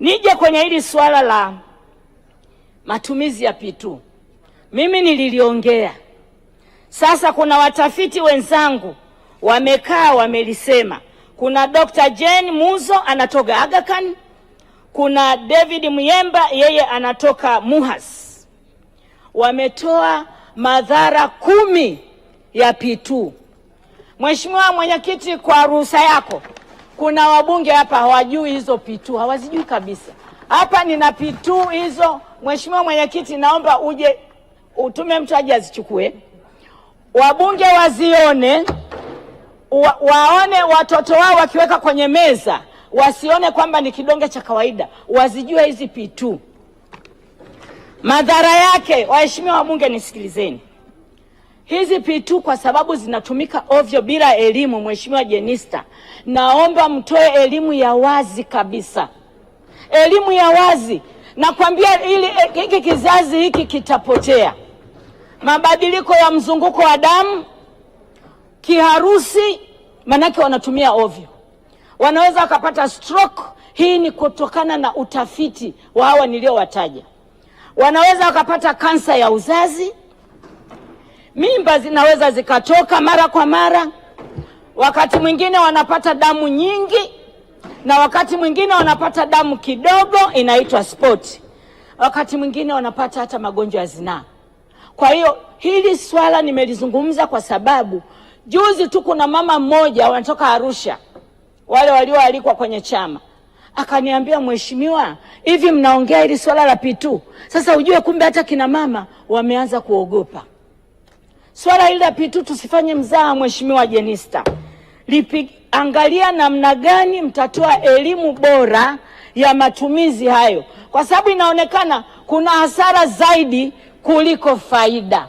Nije kwenye hili suala la matumizi ya P2, mimi nililiongea. Sasa kuna watafiti wenzangu wamekaa wamelisema. Kuna Dr. Jane Muzo anatoka Aga Khan, kuna David Muyemba yeye anatoka Muhas. Wametoa madhara kumi ya P2. Mheshimiwa Mwenyekiti, kwa ruhusa yako kuna wabunge hapa hawajui hizo P2, hawazijui kabisa. Hapa nina P2 hizo, mheshimiwa mwenyekiti, naomba uje utume mtu aje azichukue, wabunge wazione wa, waone watoto wao wakiweka kwenye meza wasione kwamba ni kidonge cha kawaida, wazijue hizi P2 madhara yake. Waheshimiwa wabunge, nisikilizeni hizi P2 kwa sababu zinatumika ovyo bila elimu. Mheshimiwa Jenista, naomba mtoe elimu ya wazi kabisa, elimu ya wazi. Nakwambia ili eh, hiki kizazi hiki kitapotea. Mabadiliko ya mzunguko wa damu, kiharusi, manake wanatumia ovyo, wanaweza wakapata stroke. Hii ni kutokana na utafiti wa hawa niliowataja. Wanaweza wakapata kansa ya uzazi Mimba zinaweza zikatoka mara kwa mara, wakati mwingine wanapata damu nyingi, na wakati mwingine wanapata damu kidogo, inaitwa spoti. Wakati mwingine wanapata hata magonjwa ya zinaa. Kwa hiyo hili swala nimelizungumza kwa sababu juzi tu kuna mama mmoja wanatoka Arusha, wale walioalikwa kwenye chama akaniambia mheshimiwa, hivi mnaongea hili swala la P2 sasa? Ujue kumbe hata kina mama wameanza kuogopa. Swala hili la P2 tusifanye mzaha, Mheshimiwa Jenista Lipi, angalia namna gani mtatoa elimu bora ya matumizi hayo, kwa sababu inaonekana kuna hasara zaidi kuliko faida.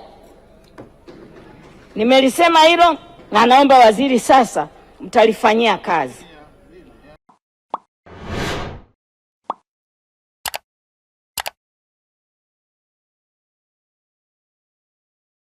Nimelisema hilo na naomba waziri sasa mtalifanyia kazi.